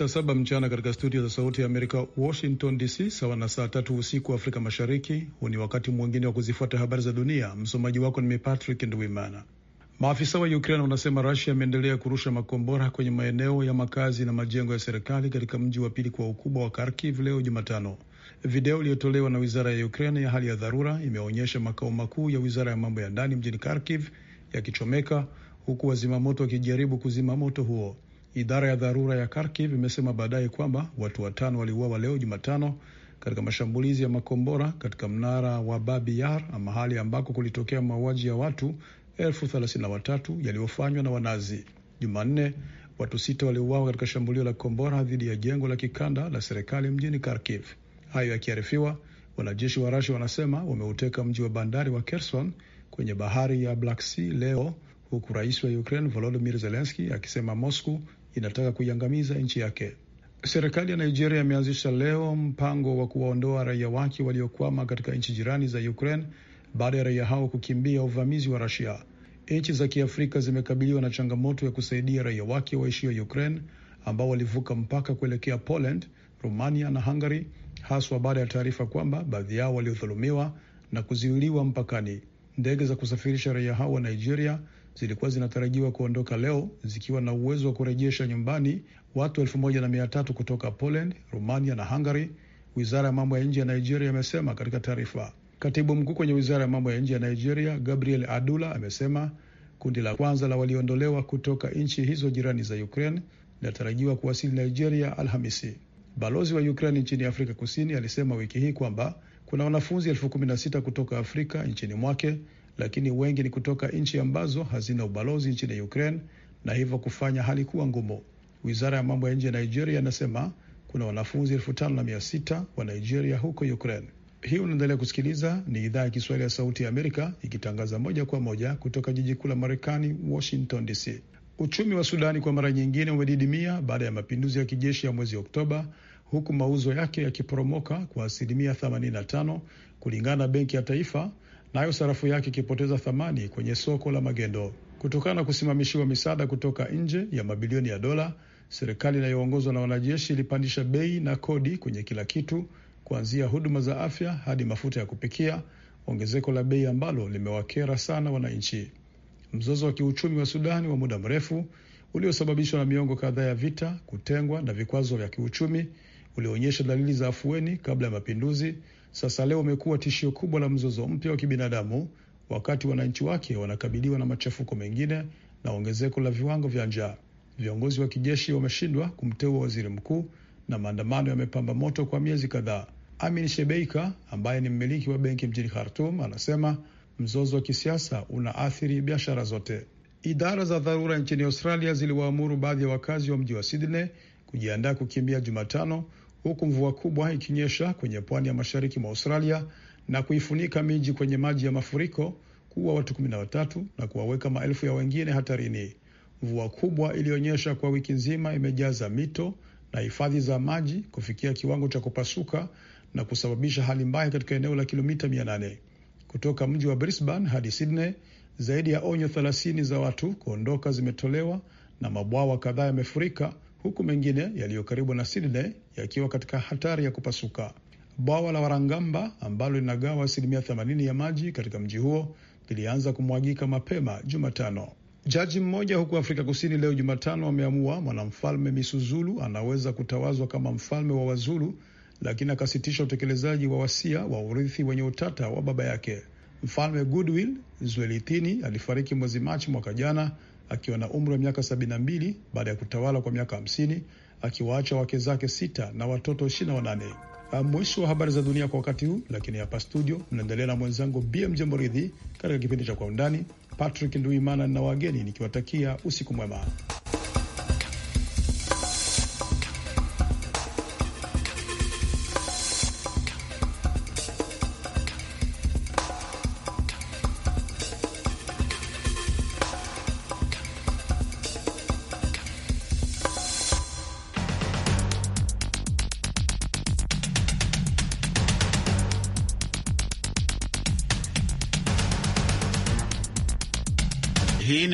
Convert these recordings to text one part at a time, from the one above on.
saa saba mchana katika studio za Sauti ya Amerika, Washington DC, sawa na saa tatu usiku Afrika Mashariki. Huu ni wakati mwingine wa kuzifuata habari za dunia. Msomaji wako nimi Patrick Ndwimana. Maafisa wa Ukraine wanasema Rusia ameendelea kurusha makombora kwenye maeneo ya makazi na majengo ya serikali katika mji wa pili kwa ukubwa wa Kharkiv leo Jumatano. Video iliyotolewa na wizara ya Ukraine ya hali ya dharura imeonyesha makao makuu ya wizara ya mambo ya ndani mjini Kharkiv yakichomeka huku wazimamoto wakijaribu kuzima moto huo. Idara ya dharura ya Kharkiv imesema baadaye kwamba watu watano waliuawa leo Jumatano katika mashambulizi ya makombora katika mnara wa Babi Yar, mahali ambako kulitokea mauaji ya watu elfu thelathini na watatu yaliyofanywa na Wanazi. Jumanne, watu sita waliuawa katika shambulio la kombora dhidi ya jengo la kikanda la serikali mjini Kharkiv. Hayo yakiarifiwa, wanajeshi wa Rasia wanasema wameuteka mji wa bandari wa Kherson kwenye bahari ya Black Sea leo, huku rais wa Ukraine Volodymyr Zelensky akisema Moscow inataka kuiangamiza nchi yake. Serikali ya Nigeria imeanzisha leo mpango wa kuwaondoa raia wake waliokwama katika nchi jirani za Ukraine baada ya raia hao kukimbia uvamizi wa Rusia. Nchi za Kiafrika zimekabiliwa na changamoto ya kusaidia raia wake waishio Ukraine ambao walivuka mpaka kuelekea Poland, Rumania na Hungary, haswa baada ya taarifa kwamba baadhi yao waliodhulumiwa na kuziwiliwa mpakani. Ndege za kusafirisha raia hao wa Nigeria zilikuwa zinatarajiwa kuondoka leo zikiwa na uwezo wa kurejesha nyumbani watu elfu moja na mia tatu kutoka Poland, Rumania na Hungary. Wizara ya mambo ya nje ya Nigeria imesema katika taarifa. Katibu mkuu kwenye wizara ya mambo ya nje ya Nigeria, Gabriel Adula, amesema kundi la kwanza la waliondolewa kutoka nchi hizo jirani za Ukraine linatarajiwa kuwasili Nigeria Alhamisi. Balozi wa Ukraine nchini Afrika Kusini alisema wiki hii kwamba kuna wanafunzi elfu kumi na sita kutoka Afrika nchini mwake lakini wengi ni kutoka nchi ambazo hazina ubalozi nchini Ukraine na hivyo kufanya hali kuwa ngumu. Wizara ya mambo ya nje ya Nigeria inasema kuna wanafunzi elfu tano na mia sita wa Nigeria huko Ukraine. Hii unaendelea kusikiliza, ni idhaa ya Kiswahili ya Sauti ya Amerika ikitangaza moja kwa moja kutoka jiji kuu la Marekani, Washington DC. Uchumi wa Sudani kwa mara nyingine umedidimia baada ya mapinduzi ya kijeshi ya mwezi Oktoba, huku mauzo yake yakiporomoka kwa asilimia 85 kulingana na Benki ya Taifa, nayo sarafu yake ikipoteza thamani kwenye soko la magendo kutokana na kusimamishiwa misaada kutoka nje ya mabilioni ya dola. Serikali inayoongozwa na wanajeshi ilipandisha bei na kodi kwenye kila kitu, kuanzia huduma za afya hadi mafuta ya kupikia, ongezeko la bei ambalo limewakera sana wananchi. Mzozo wa kiuchumi wa Sudani wa muda mrefu uliosababishwa na miongo kadhaa ya vita, kutengwa na vikwazo vya kiuchumi, ulioonyesha dalili za afueni kabla ya mapinduzi, sasa leo umekuwa tishio kubwa la mzozo mpya wa kibinadamu, wakati wananchi wake wanakabiliwa na machafuko mengine na ongezeko la viwango vya njaa. Viongozi wa kijeshi wameshindwa kumteua waziri mkuu na maandamano yamepamba moto kwa miezi kadhaa. Amin Shebeika ambaye ni mmiliki wa benki mjini Khartum anasema mzozo wa kisiasa unaathiri biashara zote. Idara za dharura nchini Australia ziliwaamuru baadhi ya wakazi wa mji wa Sydney kujiandaa kukimbia Jumatano huku mvua kubwa ikinyesha kwenye pwani ya mashariki mwa Australia na kuifunika miji kwenye maji ya mafuriko, kuwa watu kumi na watatu na kuwaweka maelfu ya wengine hatarini. Mvua kubwa iliyonyesha kwa wiki nzima imejaza mito na hifadhi za maji kufikia kiwango cha kupasuka na kusababisha hali mbaya katika eneo la kilomita 800 kutoka mji wa Brisbane hadi Sydney. Zaidi ya onyo 30 za watu kuondoka zimetolewa na mabwawa kadhaa yamefurika huku mengine yaliyo karibu na Sydney yakiwa katika hatari ya kupasuka. Bwawa la Warangamba ambalo linagawa asilimia 80 ya maji katika mji huo lilianza kumwagika mapema Jumatano. Jaji mmoja huko Afrika Kusini leo Jumatano ameamua mwanamfalme Misuzulu anaweza kutawazwa kama mfalme wa Wazulu, lakini akasitisha utekelezaji wa wasia wa urithi wenye utata wa baba yake. Mfalme Goodwill Zwelithini alifariki mwezi Machi mwaka jana akiwa na umri wa miaka 72 baada ya kutawala kwa miaka 50 akiwaacha wake zake sita na watoto 28. Ah, mwisho wa habari za dunia kwa wakati huu, lakini hapa studio mnaendelea na mwenzangu BMJ Mridhi katika kipindi cha Kwa Undani. Patrick Nduimana na wageni nikiwatakia usiku mwema.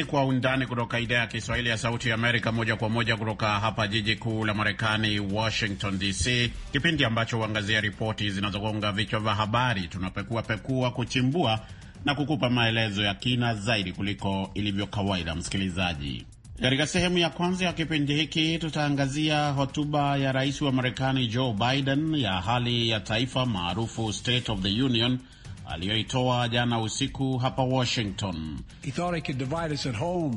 Kwa Undani kutoka idhaa ya Kiswahili ya Sauti ya Amerika, moja kwa moja kutoka hapa jiji kuu la Marekani, Washington DC, kipindi ambacho huangazia ripoti zinazogonga vichwa vya habari. Tunapekuapekua, kuchimbua na kukupa maelezo ya kina zaidi kuliko ilivyo kawaida. Msikilizaji, katika sehemu ya kwanza ya kipindi hiki tutaangazia hotuba ya rais wa Marekani Joe Biden ya hali ya taifa maarufu State of the Union aliyoitoa jana usiku hapa Washington.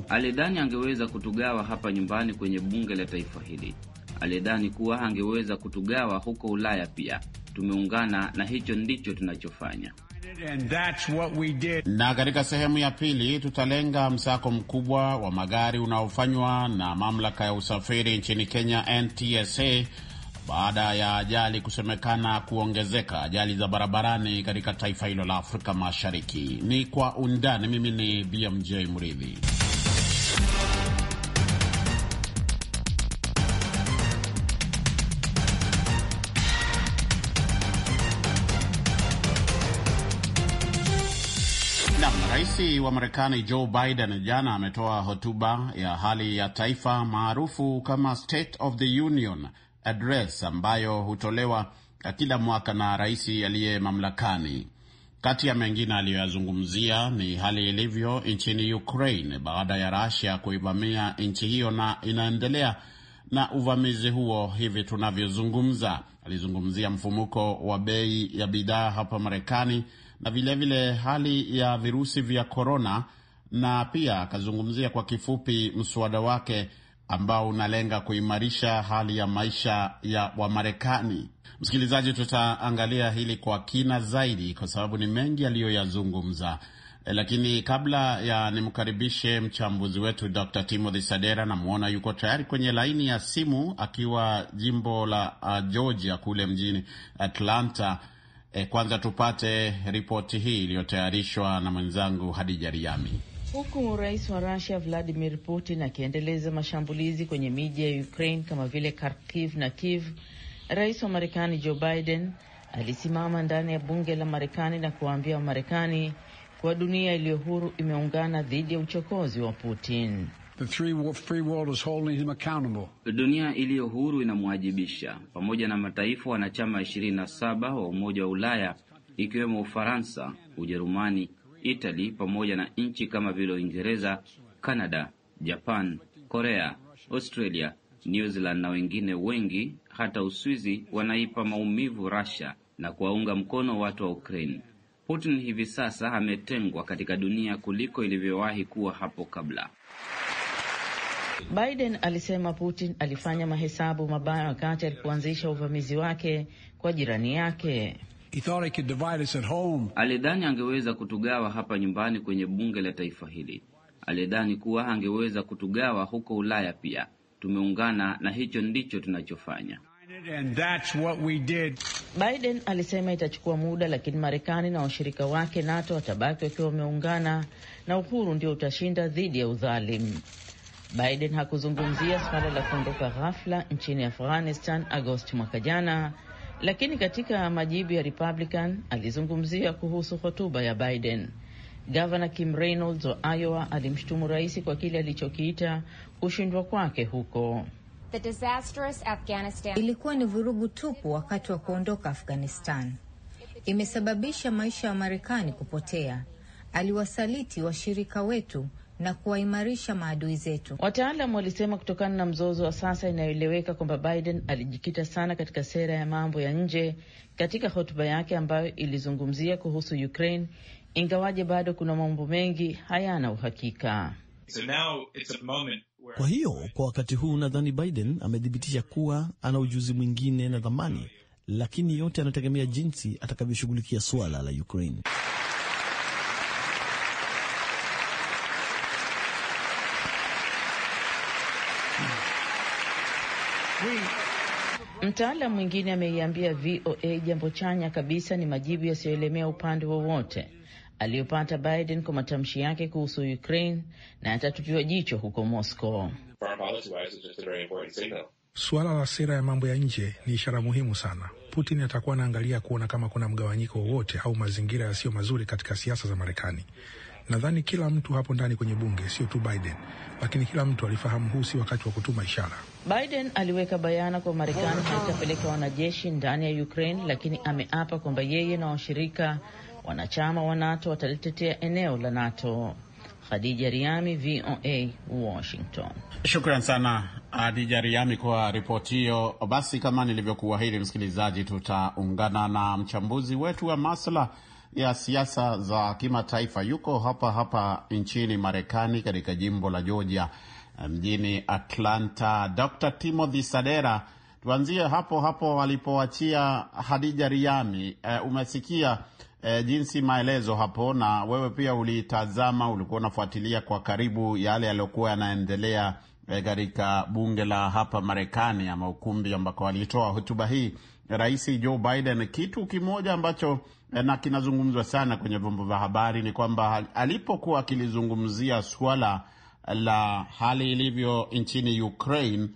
Alidhani angeweza kutugawa hapa nyumbani kwenye bunge la taifa hili. Alidhani kuwa angeweza kutugawa huko Ulaya pia. Tumeungana na hicho ndicho tunachofanya. And that's what we did. Na katika sehemu ya pili tutalenga msako mkubwa wa magari unaofanywa na mamlaka ya usafiri nchini Kenya NTSA baada ya ajali kusemekana kuongezeka ajali za barabarani katika taifa hilo la Afrika Mashariki. Ni kwa undani. Mimi ni BMJ Mridhi. Rais wa Marekani Joe Biden jana ametoa hotuba ya hali ya taifa maarufu kama State of the Union Address ambayo hutolewa eh, kila mwaka na rais aliye mamlakani. Kati ya mengine aliyoyazungumzia ni hali ilivyo nchini Ukraine baada ya Russia kuivamia nchi hiyo na inaendelea na uvamizi huo hivi tunavyozungumza. Alizungumzia mfumuko wa bei ya bidhaa hapa Marekani na vilevile vile hali ya virusi vya korona, na pia akazungumzia kwa kifupi mswada wake ambao unalenga kuimarisha hali ya maisha ya Wamarekani. Msikilizaji, tutaangalia hili kwa kina zaidi, kwa sababu ni mengi aliyoyazungumza. Eh, lakini kabla ya nimkaribishe mchambuzi wetu Dr. Timothy Sadera, namwona yuko tayari kwenye laini ya simu akiwa jimbo la uh, Georgia kule mjini Atlanta. E, kwanza tupate ripoti hii iliyotayarishwa na mwenzangu Hadija Riami huku rais wa Rusia Vladimir Putin akiendeleza mashambulizi kwenye miji ya Ukraine kama vile Kharkiv na Kiev, rais wa Marekani Joe Biden alisimama ndani ya bunge la Marekani na kuwaambia Wamarekani kuwa dunia iliyo huru imeungana dhidi ya uchokozi wa Putin. The free world is holding him accountable. Dunia iliyo huru inamwajibisha pamoja na mataifa wanachama 27 wa Umoja wa Ulaya ikiwemo Ufaransa, Ujerumani, Italy pamoja na nchi kama vile Uingereza, Canada, Japan, Korea, Australia, New Zealand na wengine wengi, hata Uswizi, wanaipa maumivu Russia na kuwaunga mkono watu wa Ukraine. Putin hivi sasa ametengwa katika dunia kuliko ilivyowahi kuwa hapo kabla. Biden alisema Putin alifanya mahesabu mabaya wakati alipoanzisha uvamizi wake kwa jirani yake. He thought he could divide us at home. Alidhani angeweza kutugawa hapa nyumbani kwenye bunge la taifa hili. Alidhani kuwa angeweza kutugawa huko Ulaya pia. Tumeungana na hicho ndicho tunachofanya. And that's what we did. Biden alisema itachukua muda, lakini Marekani na washirika wake NATO watabaki wakiwa wameungana na uhuru ndio utashinda dhidi ya udhalimu. Biden hakuzungumzia suala la kuondoka ghafla nchini Afghanistan Agosti mwaka jana lakini katika majibu ya Republican alizungumzia kuhusu hotuba ya Biden. Gavana Kim Reynolds wa Iowa alimshutumu rais kwa kile alichokiita kushindwa kwake huko. The disastrous Afghanistan... ilikuwa ni vurugu tupu wakati wa kuondoka Afghanistan, imesababisha maisha ya Marekani kupotea. Aliwasaliti washirika wetu na kuwaimarisha maadui zetu. Wataalam walisema kutokana na mzozo wa sasa, inayoeleweka kwamba Biden alijikita sana katika sera ya mambo ya nje katika hotuba yake ambayo ilizungumzia kuhusu Ukraine, ingawaje bado kuna mambo mengi hayana uhakika. So now it's a moment where... Kwa hiyo kwa wakati huu nadhani Biden amethibitisha kuwa ana ujuzi mwingine na dhamani, lakini yote anategemea jinsi atakavyoshughulikia suala la Ukraine. Mtaalamu mwingine ameiambia VOA jambo chanya kabisa ni majibu yasiyoelemea upande wowote aliyopata Biden kwa matamshi yake kuhusu Ukraine na yatatupiwa jicho huko Moscow. Suala la sera ya mambo ya nje ni ishara muhimu sana. Putin atakuwa anaangalia kuona kama kuna mgawanyiko wowote au mazingira yasiyo mazuri katika siasa za Marekani. Nadhani kila mtu hapo ndani kwenye bunge, sio tu Biden, lakini kila mtu alifahamu huu si wakati wa kutuma ishara. Biden aliweka bayana kwa Marekani haitapeleka wanajeshi ndani ya Ukraine, lakini ameapa kwamba yeye na washirika wanachama wa NATO watalitetea eneo la NATO. Khadija Riami, VOA, Washington. Shukran sana hadija Riami kwa ripoti hiyo. Basi kama nilivyokuahidi, msikilizaji, tutaungana na mchambuzi wetu wa masla ya siasa za kimataifa. Yuko hapa hapa nchini Marekani, katika jimbo la Georgia eh, mjini Atlanta. Dr. Timothy Sadera, tuanzie hapo hapo walipoachia Hadija Riami. Uh, umesikia uh, jinsi maelezo hapo, na wewe pia ulitazama, ulikuwa unafuatilia kwa karibu yale yaliyokuwa yanaendelea katika bunge la hapa Marekani ama ukumbi ambako alitoa hotuba hii Rais Joe Biden. Kitu kimoja ambacho Eh, na kinazungumzwa sana kwenye vyombo vya habari ni kwamba alipokuwa akilizungumzia swala la hali ilivyo nchini Ukraine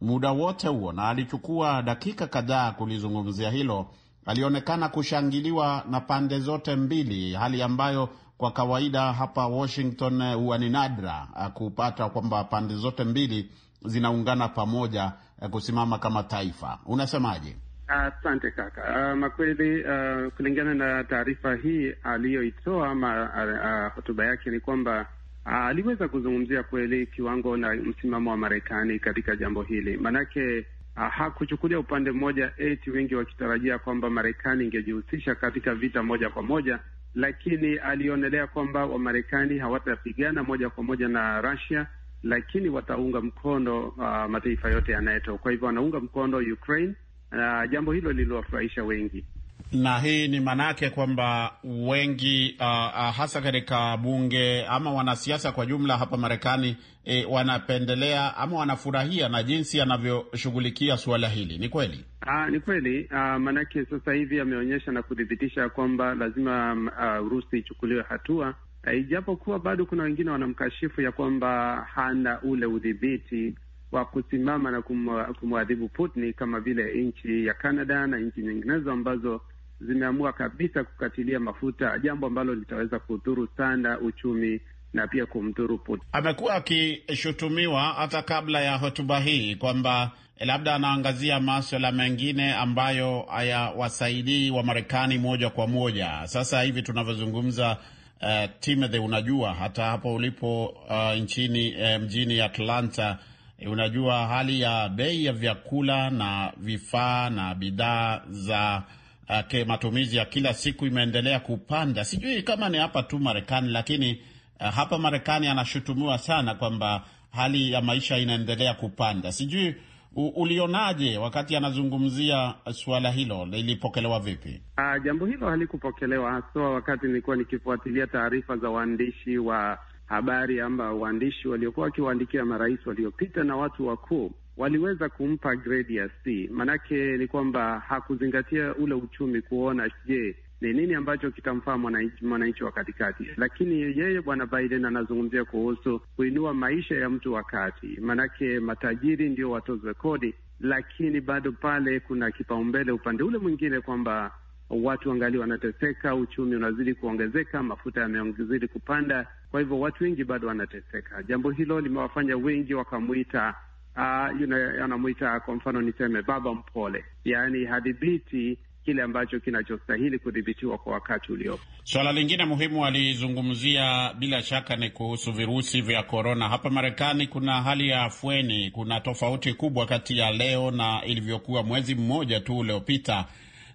muda wote huo, na alichukua dakika kadhaa kulizungumzia hilo, alionekana kushangiliwa na pande zote mbili, hali ambayo kwa kawaida hapa Washington eh, huwa ni nadra eh, kupata kwamba pande zote mbili zinaungana pamoja kusimama kama taifa. Unasemaje? Asante uh, kaka uh, makweli uh, kulingana na taarifa hii aliyoitoa ama ah, hotuba uh, uh, yake ni kwamba uh, aliweza kuzungumzia kweli kiwango na msimamo wa Marekani katika jambo hili, maanake uh, hakuchukulia upande mmoja eti wengi wakitarajia kwamba Marekani ingejihusisha katika vita moja kwa moja, lakini alionelea kwamba Wamarekani hawatapigana moja kwa moja na Russia, lakini wataunga mkono uh, mataifa yote ya NATO. Kwa hivyo wanaunga mkono Ukraine na jambo hilo liliwafurahisha wengi na hii ni maanake kwamba wengi uh, uh, hasa katika bunge ama wanasiasa kwa jumla hapa Marekani eh, wanapendelea ama wanafurahia na jinsi anavyoshughulikia suala hili. Ni kweli uh, ni kweli uh, ah, maanake sasa hivi ameonyesha na kuthibitisha kwamba lazima uh, Urusi ichukuliwe hatua ijapokuwa bado kuna wengine wanamkashifu ya kwamba hana ule udhibiti wa kusimama na kumwadhibu Putin kama vile nchi ya Canada na nchi nyinginezo ambazo zimeamua kabisa kukatilia mafuta, jambo ambalo litaweza kudhuru sana uchumi na pia kumdhuru Putin. Amekuwa akishutumiwa hata kabla ya hotuba hii kwamba labda anaangazia maswala mengine ambayo hayawasaidii wa Marekani moja kwa moja. Sasa hivi tunavyozungumza, uh, Timothy, unajua hata hapo ulipo uh, nchini uh, mjini Atlanta E, unajua hali ya bei ya vyakula na vifaa na bidhaa za eh, ke matumizi ya kila siku imeendelea kupanda. Sijui kama ni hapa tu Marekani, lakini uh, hapa Marekani anashutumiwa sana kwamba hali ya maisha inaendelea kupanda. Sijui ulionaje wakati anazungumzia suala hilo, lilipokelewa vipi? Uh, jambo hilo halikupokelewa haswa, wakati nilikuwa nikifuatilia taarifa za waandishi wa habari ama waandishi waliokuwa wakiwaandikia marais waliopita na watu wakuu waliweza kumpa gredi ya C. Manake ni kwamba hakuzingatia ule uchumi kuona, je, ni nini ambacho kitamfaa mwananchi wa katikati. Lakini yeye bwana Biden anazungumzia kuhusu kuinua maisha ya mtu wa kati, manake matajiri ndio watozwe kodi, lakini bado pale kuna kipaumbele upande ule mwingine kwamba watu wangali wanateseka, uchumi unazidi kuongezeka, mafuta yamezidi kupanda kwa hivyo watu wengi bado wanateseka. Jambo hilo limewafanya wengi wakamwita uh, ah, anamwita kwa mfano niseme baba mpole, yaani hadhibiti kile ambacho kinachostahili kudhibitiwa kwa wakati uliopo. Swala lingine muhimu alizungumzia bila shaka ni kuhusu virusi vya korona. Hapa Marekani kuna hali ya afueni, kuna tofauti kubwa kati ya leo na ilivyokuwa mwezi mmoja tu uliopita,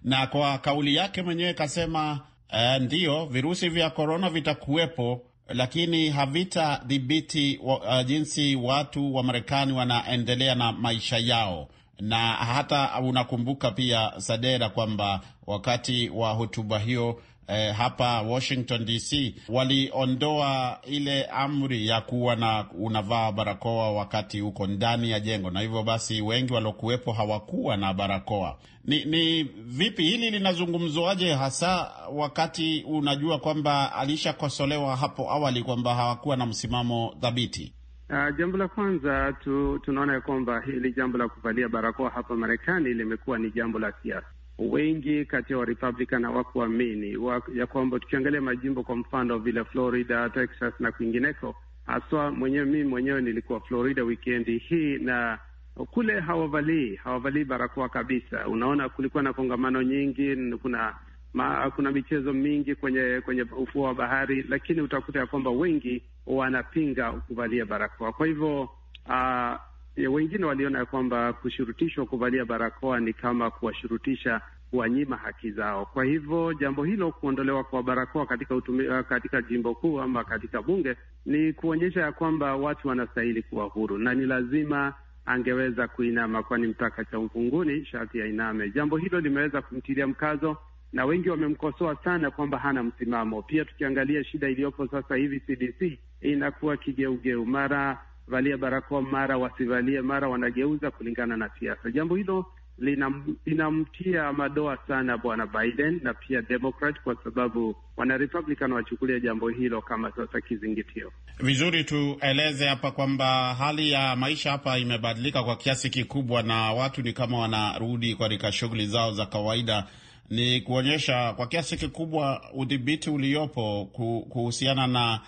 na kwa kauli yake mwenyewe kasema, eh, ndiyo virusi vya korona vitakuwepo lakini havitadhibiti wa, uh, jinsi watu wa Marekani wanaendelea na maisha yao na hata unakumbuka pia Sadera kwamba wakati wa hotuba hiyo eh, hapa Washington DC waliondoa ile amri ya kuwa na unavaa barakoa wakati uko ndani ya jengo, na hivyo basi wengi waliokuwepo hawakuwa na barakoa. Ni, ni vipi hili linazungumzwaje, hasa wakati unajua kwamba alishakosolewa hapo awali kwamba hawakuwa na msimamo thabiti? Uh, jambo la kwanza tu, tunaona ya kwamba hili jambo la kuvalia barakoa hapa Marekani limekuwa ni jambo la siasa wengi kati ya wa Republican hawakuamini wa, ya kwamba tukiangalia majimbo kwa mfano vile Florida, Texas na kwingineko, haswa mwenyewe mimi mwenyewe nilikuwa Florida wikendi hii na kule hawavalii hawavalii barakoa kabisa. Unaona, kulikuwa na kongamano nyingi, kuna ma, kuna michezo mingi kwenye kwenye ufuo wa bahari, lakini utakuta ya kwamba wengi wanapinga kuvalia barakoa. Kwa hivyo uh, E, wengine waliona ya kwamba kushurutishwa kuvalia barakoa ni kama kuwashurutisha wanyima haki zao. Kwa hivyo jambo hilo, kuondolewa kwa barakoa katika utumi, eh, katika jimbo kuu ama katika bunge ni kuonyesha ya kwamba watu wanastahili kuwa huru, na ni lazima angeweza kuinama, kwani mtaka cha mvunguni sharti ainame. Jambo hilo limeweza kumtilia mkazo, na wengi wamemkosoa sana kwamba hana msimamo. Pia tukiangalia shida iliyopo sasa hivi, CDC inakuwa kigeugeu, mara valia barakoa, mara wasivalie, mara wanageuza kulingana na siasa. Jambo hilo linamtia madoa sana bwana Biden na pia Democrat, kwa sababu wana Republican wachukulia jambo hilo kama sasa kizingitio. Vizuri, tueleze hapa kwamba hali ya maisha hapa imebadilika kwa kiasi kikubwa, na watu ni kama wanarudi katika shughuli zao za kawaida. Ni kuonyesha kwa kiasi kikubwa udhibiti uliopo kuhusiana na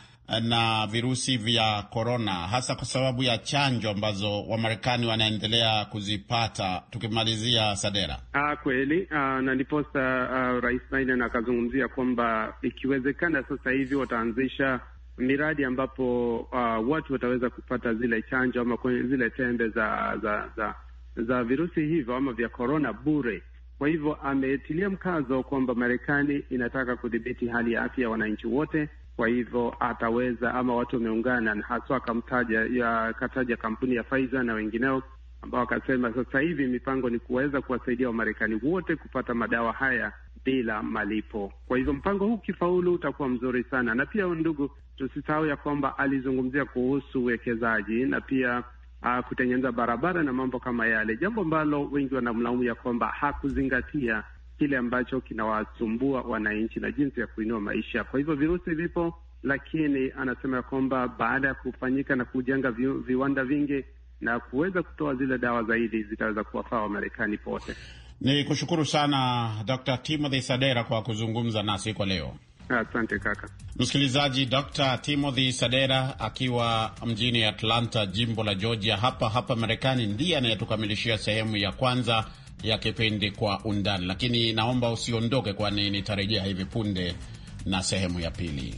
na virusi vya korona, hasa kwa sababu ya chanjo ambazo Wamarekani wanaendelea kuzipata. Tukimalizia Sadera. Ah, kweli ah, na ndiposa ah, Rais Biden akazungumzia kwamba ikiwezekana sasa hivi wataanzisha miradi ambapo ah, watu wataweza kupata zile chanjo ama kwenye zile tembe za za za, za virusi hivyo ama vya korona bure. Kwa hivyo ametilia mkazo kwamba Marekani inataka kudhibiti hali ya afya ya wananchi wote, kwa hivyo ataweza ama watu wameungana na haswa akamtaja akataja kampuni ya Pfizer na wengineo ambao wakasema sasa hivi mipango ni kuweza kuwasaidia Wamarekani wote kupata madawa haya bila malipo. Kwa hivyo mpango huu kifaulu utakuwa mzuri sana, na pia ndugu, tusisahau ya kwamba alizungumzia kuhusu uwekezaji na pia uh, kutengeneza barabara na mambo kama yale, jambo ambalo wengi wanamlaumu ya kwamba hakuzingatia kile ambacho kinawasumbua wananchi na jinsi ya kuinua maisha. Kwa hivyo virusi vipo, lakini anasema ya kwamba baada ya kufanyika na kujenga vi, viwanda vingi na kuweza kutoa zile dawa zaidi zitaweza kuwafaa Wamarekani pote. Ni kushukuru sana Dr. Timothy Sadera kwa kuzungumza nasi kwa leo. Asante kaka msikilizaji. Dr. Timothy Sadera akiwa mjini Atlanta, jimbo la Georgia, hapa hapa Marekani, ndiye anayetukamilishia sehemu ya kwanza ya kipindi Kwa Undani, lakini naomba usiondoke, kwani nitarejea hivi punde na sehemu ya pili.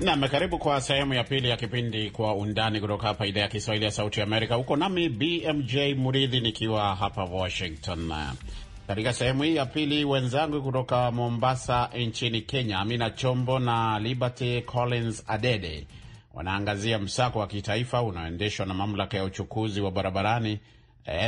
Nam, karibu kwa sehemu ya pili ya kipindi Kwa Undani kutoka hapa idhaa ya Kiswahili ya Sauti ya Amerika. Huko nami BMJ Muridhi nikiwa hapa Washington. Katika sehemu hii ya pili, wenzangu kutoka Mombasa nchini Kenya, Amina Chombo na Liberty Collins Adede wanaangazia msako wa kitaifa unaoendeshwa na mamlaka ya uchukuzi wa barabarani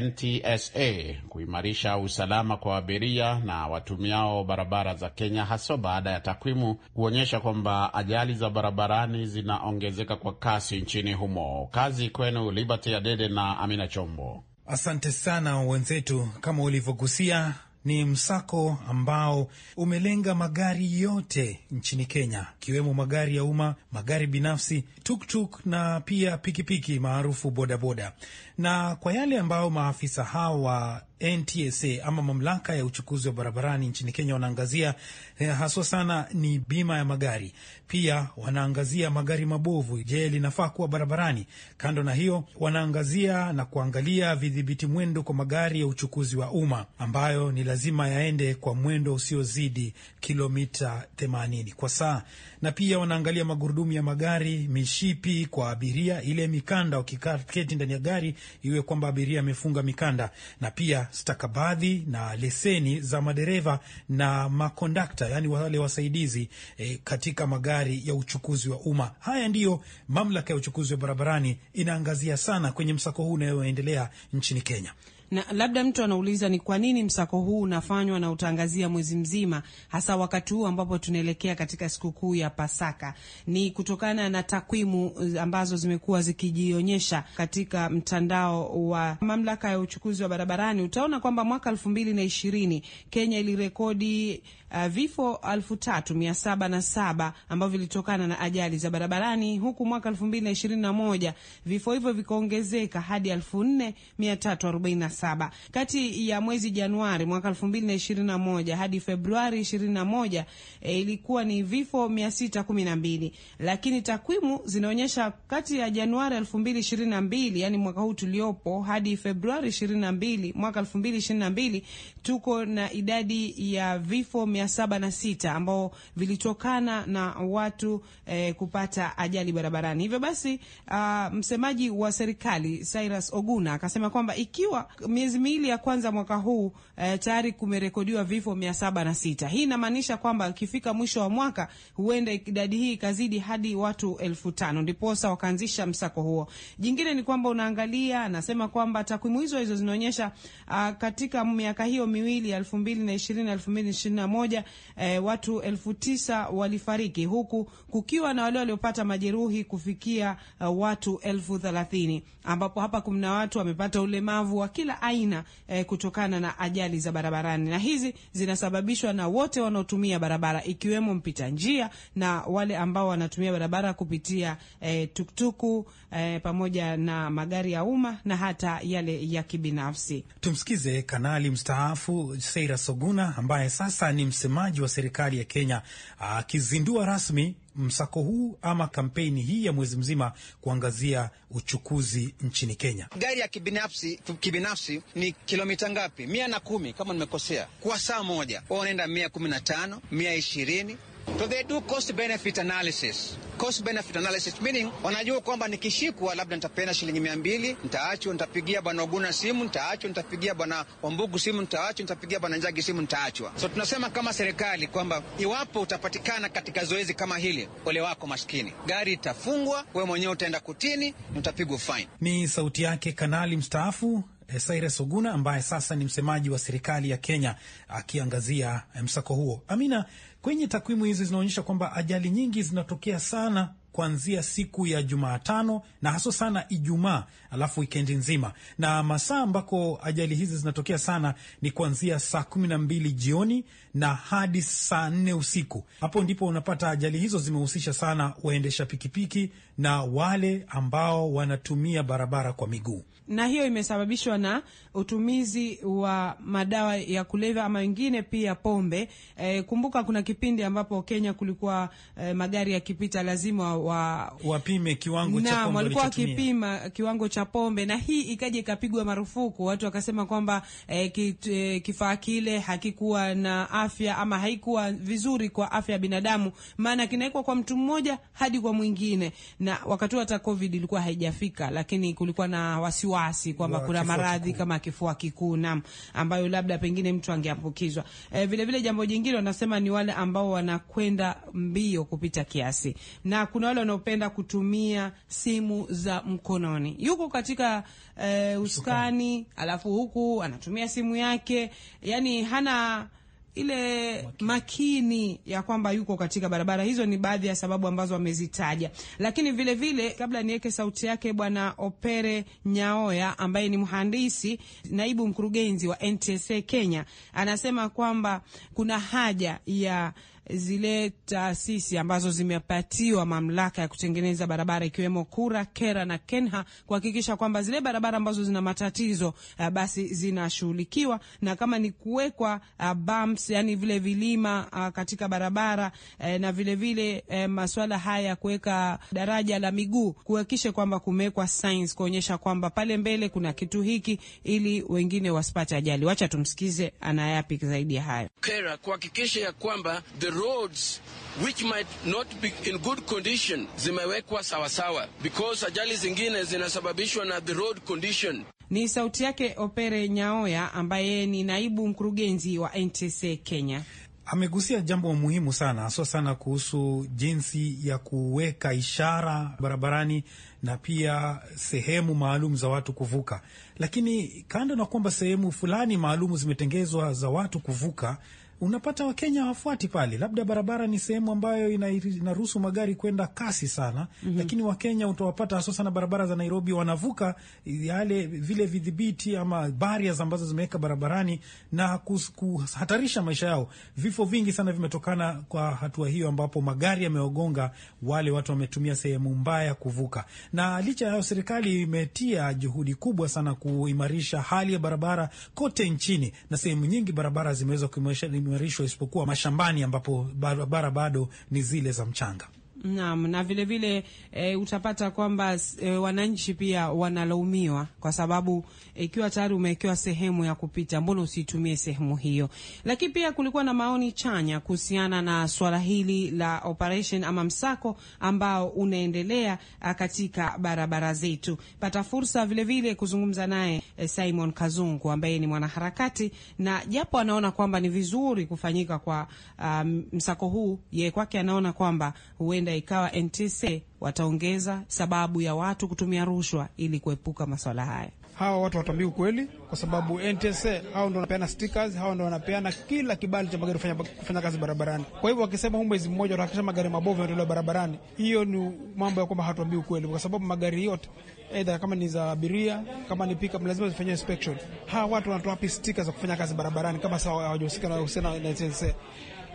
NTSA kuimarisha usalama kwa abiria na watumiao barabara za Kenya, haswa baada ya takwimu kuonyesha kwamba ajali za barabarani zinaongezeka kwa kasi nchini humo. Kazi kwenu Liberty Adede na Amina Chombo. Asante sana wenzetu, kama ulivyogusia ni msako ambao umelenga magari yote nchini Kenya, ikiwemo magari ya umma, magari binafsi, tuktuk na pia pikipiki maarufu bodaboda. Na kwa yale ambayo maafisa hao wa NTSA ama mamlaka ya uchukuzi wa barabarani nchini Kenya wanaangazia eh, haswa sana ni bima ya magari. Pia wanaangazia magari mabovu, je, linafaa kuwa barabarani? Kando na hiyo, wanaangazia na kuangalia vidhibiti mwendo kwa magari ya uchukuzi wa umma ambayo ni lazima yaende kwa mwendo usiozidi kilomita 80 kwa saa, na pia wanaangalia magurudumu ya magari, mishipi kwa abiria, ile mikanda wakiketi ndani ya gari iwe kwamba abiria amefunga mikanda, na pia stakabadhi na leseni za madereva na makondakta, yani wale wasaidizi e, katika magari ya uchukuzi wa umma. Haya ndiyo mamlaka ya uchukuzi wa barabarani inaangazia sana kwenye msako huu unayoendelea nchini Kenya. Na labda mtu anauliza ni kwa nini msako huu unafanywa na utangazia mwezi mzima, hasa wakati huu ambapo tunaelekea katika sikukuu ya Pasaka? Ni kutokana na takwimu eh, ambazo zimekuwa zikijionyesha katika mtandao wa mamlaka ya uchukuzi wa barabarani. Utaona kwamba mwaka elfu mbili na ishirini Kenya ilirekodi uh, vifo 3707 ambavyo vilitokana na ajali za barabarani, huku mwaka 2021 vifo hivyo vikaongezeka hadi 4347. Kati ya mwezi Januari mwaka 2021 hadi Februari 21, e, eh, ilikuwa ni vifo 612, lakini takwimu zinaonyesha kati ya Januari 2022, yani mwaka huu tuliopo, hadi Februari 22 mwaka 2022 tuko na idadi ya vifo mia saba na sita ambao vilitokana na watu eh, kupata ajali barabarani. Hivyo basi uh, msemaji wa serikali Cyrus Oguna akasema kwamba ikiwa miezi miwili ya kwanza mwaka huu eh, tayari kumerekodiwa vifo mia saba na sita. Hii inamaanisha kwamba ikifika mwisho wa mwaka huenda idadi hii ikazidi hadi watu elfu tano ndiposa wakaanzisha msako huo. Jingine ni kwamba unaangalia, anasema kwamba takwimu hizo hizo zinaonyesha uh, katika miaka hiyo miwili elfu mbili na ishirini na elfu mbili ishirini na moja moja eh, watu elfu tisa walifariki huku kukiwa na wale waliopata majeruhi kufikia uh, watu elfu thelathini ambapo hapa kuna watu wamepata ulemavu wa kila aina eh, kutokana na ajali za barabarani, na hizi zinasababishwa na wote wanaotumia barabara ikiwemo mpita njia na wale ambao wanatumia barabara kupitia eh, tuktuku eh, pamoja na magari ya umma na hata yale ya kibinafsi. Tumsikize kanali mstaafu Seira Soguna ambaye sasa ni msemaji wa serikali ya Kenya akizindua rasmi msako huu ama kampeni hii ya mwezi mzima kuangazia uchukuzi nchini Kenya. Gari ya kibinafsi kibinafsi ni kilomita ngapi? mia na kumi kama nimekosea, kwa saa moja wao wanaenda mia kumi na tano mia ishirini So they do cost benefit analysis. Cost benefit analysis meaning wanajua kwamba nikishikwa labda nitapenda shilingi mia mbili, nitaachwa, nitapigia bwana Oguna simu, nitaachwa, nitapigia bwana Wambugu simu, nitaachwa, nitapigia bwana Njagi simu, nitaachwa. So tunasema kama serikali kwamba iwapo utapatikana katika zoezi kama hili, ole wako maskini, gari itafungwa, wewe mwenyewe utaenda kutini, utapigwa fine. Ni sauti yake kanali mstaafu Cyrus eh, Oguna ambaye sasa ni msemaji wa serikali ya Kenya akiangazia eh, msako huo. Amina, Kwenye takwimu hizi zinaonyesha kwamba ajali nyingi zinatokea sana kuanzia siku ya Jumatano na haswa sana Ijumaa, alafu wikendi nzima. Na masaa ambako ajali hizi zinatokea sana ni kuanzia saa kumi na mbili jioni na hadi saa nne usiku. Hapo ndipo unapata ajali hizo zimehusisha sana waendesha pikipiki na wale ambao wanatumia barabara kwa miguu, na hiyo imesababishwa na utumizi wa madawa ya kulevya ama wengine pia pombe. E, kumbuka kuna kipindi ambapo Kenya kulikuwa e, magari yakipita lazima wa, wapime kiwango cha pombe walikuwa wakipima kiwango cha pombe, na hii ikaja ikapigwa marufuku. Watu wakasema kwamba eh, eh, kifaa kile hakikuwa na afya ama haikuwa vizuri kwa afya ya binadamu, maana kinawekwa kwa mtu mmoja hadi kwa mwingine, na wakati hata COVID ilikuwa haijafika, lakini kulikuwa na wasiwasi kwamba kuna maradhi kama kifua kikuu nam, ambayo labda pengine mtu angeambukizwa. Eh, vile vile jambo jingine wanasema ni wale ambao wanakwenda mbio kupita kiasi na kuna wale wanaopenda kutumia simu za mkononi, yuko katika eh, usukani alafu huku anatumia simu yake, yani hana ile makini, ya kwamba yuko katika barabara. Hizo ni baadhi ya sababu ambazo amezitaja lakini vile vile, kabla niweke sauti yake, Bwana Opere Nyaoya ambaye ni mhandisi naibu mkurugenzi wa NTSA Kenya anasema kwamba kuna haja ya zile taasisi ambazo zimepatiwa mamlaka ya kutengeneza barabara ikiwemo Kura, Kera na Kenha kuhakikisha kwamba zile barabara ambazo zina matatizo uh, basi zinashughulikiwa na kama ni kuwekwa uh, bumps, yani vile vilima uh, katika barabara uh, na vile vile uh, masuala haya ya kuweka daraja la miguu kuhakikisha kwamba kumewekwa signs kuonyesha kwamba pale mbele kuna kitu hiki ili wengine wasipate ajali. Wacha tumsikize anayapi zaidi ya hayo. Kera kuhakikisha ya kwamba the roads which might not be in good condition zimewekwa sawasawa because ajali zingine zinasababishwa na the road condition. Ni sauti yake Opere Nyaoya ambaye ni naibu mkurugenzi wa NTSA Kenya. Amegusia jambo muhimu sana haswa sana kuhusu jinsi ya kuweka ishara barabarani na pia sehemu maalum za watu kuvuka, lakini kando na kwamba sehemu fulani maalum zimetengezwa za watu kuvuka unapata Wakenya hawafuati pale, labda barabara ni sehemu ambayo inaruhusu magari kwenda kasi sana mm -hmm. Lakini Wakenya utawapata hasa sana barabara za Nairobi, wanavuka yale vile vidhibiti ama barriers ambazo zimeweka barabarani na kuhatarisha maisha yao. Vifo vingi sana vimetokana kwa hatua hiyo, ambapo magari yamewagonga wale watu wametumia sehemu mbaya kuvuka. Na licha ya serikali imetia juhudi kubwa sana kuimarisha hali ya barabara kote nchini, na sehemu nyingi barabara zimeweza kuimarisha kuimarishwa isipokuwa mashambani ambapo barabara bado ni zile za mchanga. Naam, na vile vile e, utapata kwamba e, wananchi pia wanalaumiwa kwa sababu eh, ikiwa e, tayari umewekewa sehemu ya kupita, mbona usitumie sehemu hiyo? Lakini pia kulikuwa na maoni chanya kuhusiana na swala hili la operation ama msako ambao unaendelea ah, katika barabara zetu. Pata fursa vile vile kuzungumza naye e, Simon Kazungu ambaye ni mwanaharakati na japo anaona kwamba ni vizuri kufanyika kwa um, msako huu, yeye kwake anaona kwamba huenda huenda ikawa ntc wataongeza sababu ya watu kutumia rushwa ili kuepuka maswala haya. Hawa watu hawatuambii ukweli, kwa sababu NTSA hao ndo wanapeana stickers, hao ndo wanapeana kila kibali cha magari kufanya kazi barabarani. Kwa hivyo wakisema huu mwezi mmoja watahakikisha magari mabovu yanatolewa barabarani, hiyo ni mambo ya kwamba hatuambii ukweli, kwa sababu magari yote aidha kama ni za abiria, kama ni pickup, lazima zifanyiwe inspection. Hawa watu wanatoa wapi stika za kufanya kazi barabarani kama sawa hawajahusika na uhusiano na TSA?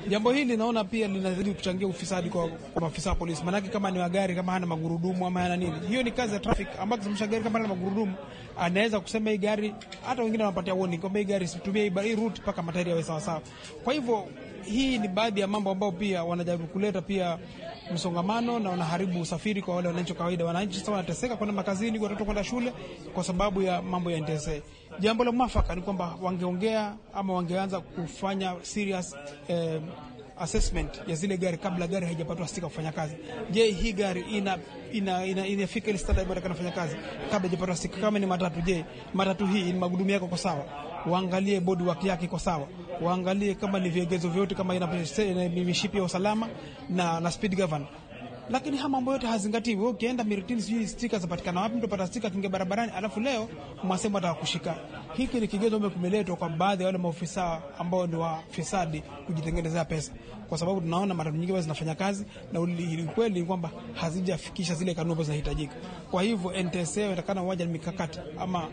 Jambo hili naona pia linazidi kuchangia ufisadi kwa, maafisa wa polisi, maanake kama ni magari kama hana magurudumu ama hana nini, hiyo ni kazi ya traffic, ambayo kama gari kama hana magurudumu anaweza kusema hii gari, hata wengine wanapatia warning kwamba hii gari situmie hii route mpaka matairi yawe sawa sawa. Kwa hivyo hii ni baadhi ya mambo ambayo pia wanajaribu kuleta pia msongamano na wanaharibu usafiri kwa wale wananchi wa kawaida. Wananchi sasa wanateseka kwenda makazini, watoto kwenda shule kwa sababu ya mambo ya NTSA. Jambo la mwafaka ni kwamba wangeongea ama wangeanza kufanya serious eh, assessment ya zile gari kabla gari haijapatwa stika kufanya kazi. Je, hii gari ina ina inafika ile standard inafanya kazi kabla haijapatwa stika? Kama ni matatu, je matatu hii magudumu yako kwa sawa? waangalie bodi wa yake kwa sawa, waangalie kama ni viegezo vyote, kama ina mishipi ya usalama na, na speed govern lakini haya mambo yote hazingatiwi. Wewe ukienda Miritini, sijui stika zapatikana wapi? Mtu pata stika kinge barabarani, alafu leo mwasemu atakushika hiki ni kigezo ambacho kimeletwa kwa baadhi ya wale maofisa ambao ni wafisadi kujitengenezea pesa, kwa sababu tunaona mara nyingi zinafanya kazi na ukweli ni kwamba hazijafikisha zile kanuni ambazo zinahitajika. Kwa hivyo NTSA inatakana waje na mikakati ama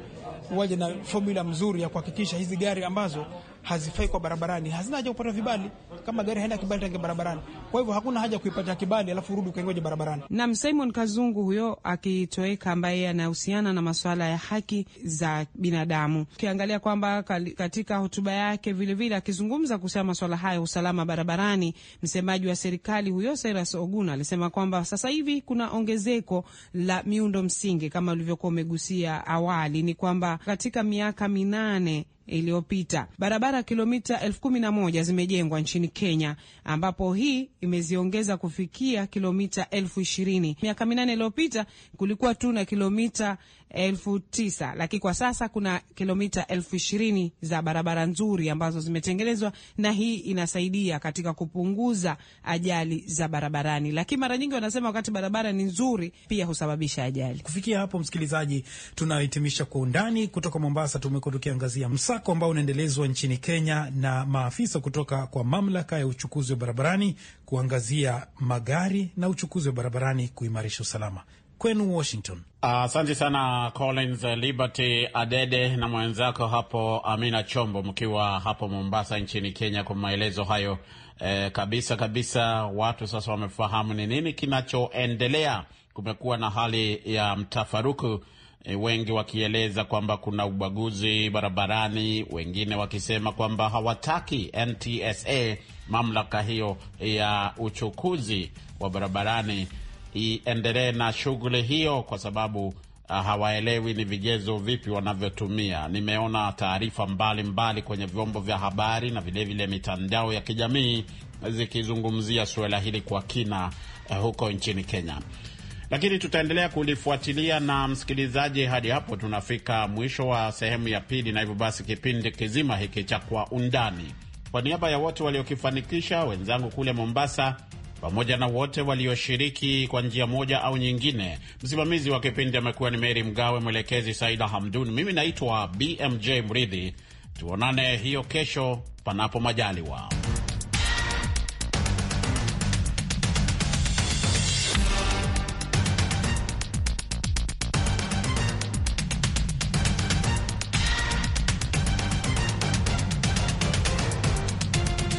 waje na formula mzuri ya kuhakikisha hizi gari ambazo hazifai kwa barabarani hazina haja kupata vibali. Kama gari haina kibali tangi barabarani, kwa hivyo hakuna haja kuipata kibali alafu urudi ukaingoje barabarani. Nam Simon Kazungu huyo akitoweka, ambaye anahusiana na masuala ya haki za binadamu ukiangalia kwamba katika hotuba yake vilevile akizungumza kuhusiana masuala haya usalama barabarani, msemaji wa serikali huyo Cyrus Oguna alisema kwamba sasa hivi kuna ongezeko la miundo msingi kama ulivyokuwa umegusia awali, ni kwamba katika miaka minane iliyopita. Barabara kilomita elfu kumi na moja zimejengwa nchini Kenya, ambapo hii imeziongeza kufikia kilomita elfu ishirini. Miaka minane iliyopita kulikuwa tu na kilomita elfu tisa lakini kwa sasa kuna kilomita elfu ishirini za barabara nzuri ambazo zimetengenezwa, na hii inasaidia katika kupunguza ajali za barabarani. Lakini mara nyingi wanasema wakati barabara ni nzuri pia husababisha ajali. Kufikia hapo, msikilizaji, tunahitimisha Kwa Undani kutoka Mombasa. Tumekuwa tukiangazia msa msako ambao unaendelezwa nchini Kenya na maafisa kutoka kwa mamlaka ya uchukuzi wa barabarani kuangazia magari na uchukuzi wa barabarani kuimarisha usalama. Kwenu Washington. Asante uh, sana Collins Liberty Adede na mwenzako hapo Amina Chombo, mkiwa hapo Mombasa nchini Kenya, kwa maelezo hayo eh, kabisa kabisa. Watu sasa wamefahamu ni nini kinachoendelea. Kumekuwa na hali ya mtafaruku E, wengi wakieleza kwamba kuna ubaguzi barabarani, wengine wakisema kwamba hawataki NTSA, mamlaka hiyo ya uchukuzi wa barabarani, iendelee na shughuli hiyo kwa sababu ah, hawaelewi ni vigezo vipi wanavyotumia. Nimeona taarifa mbalimbali kwenye vyombo vya habari na vilevile mitandao ya kijamii zikizungumzia suala hili kwa kina eh, huko nchini Kenya lakini tutaendelea kulifuatilia na msikilizaji, hadi hapo tunafika mwisho wa sehemu ya pili, na hivyo basi kipindi kizima hiki cha Kwa Undani, kwa niaba ya wote waliokifanikisha, wenzangu kule Mombasa pamoja na wote walioshiriki kwa njia moja au nyingine. Msimamizi wa kipindi amekuwa ni Meri Mgawe, mwelekezi Saida Hamdun, mimi naitwa BMJ Mridhi. Tuonane hiyo kesho, panapo majaliwa.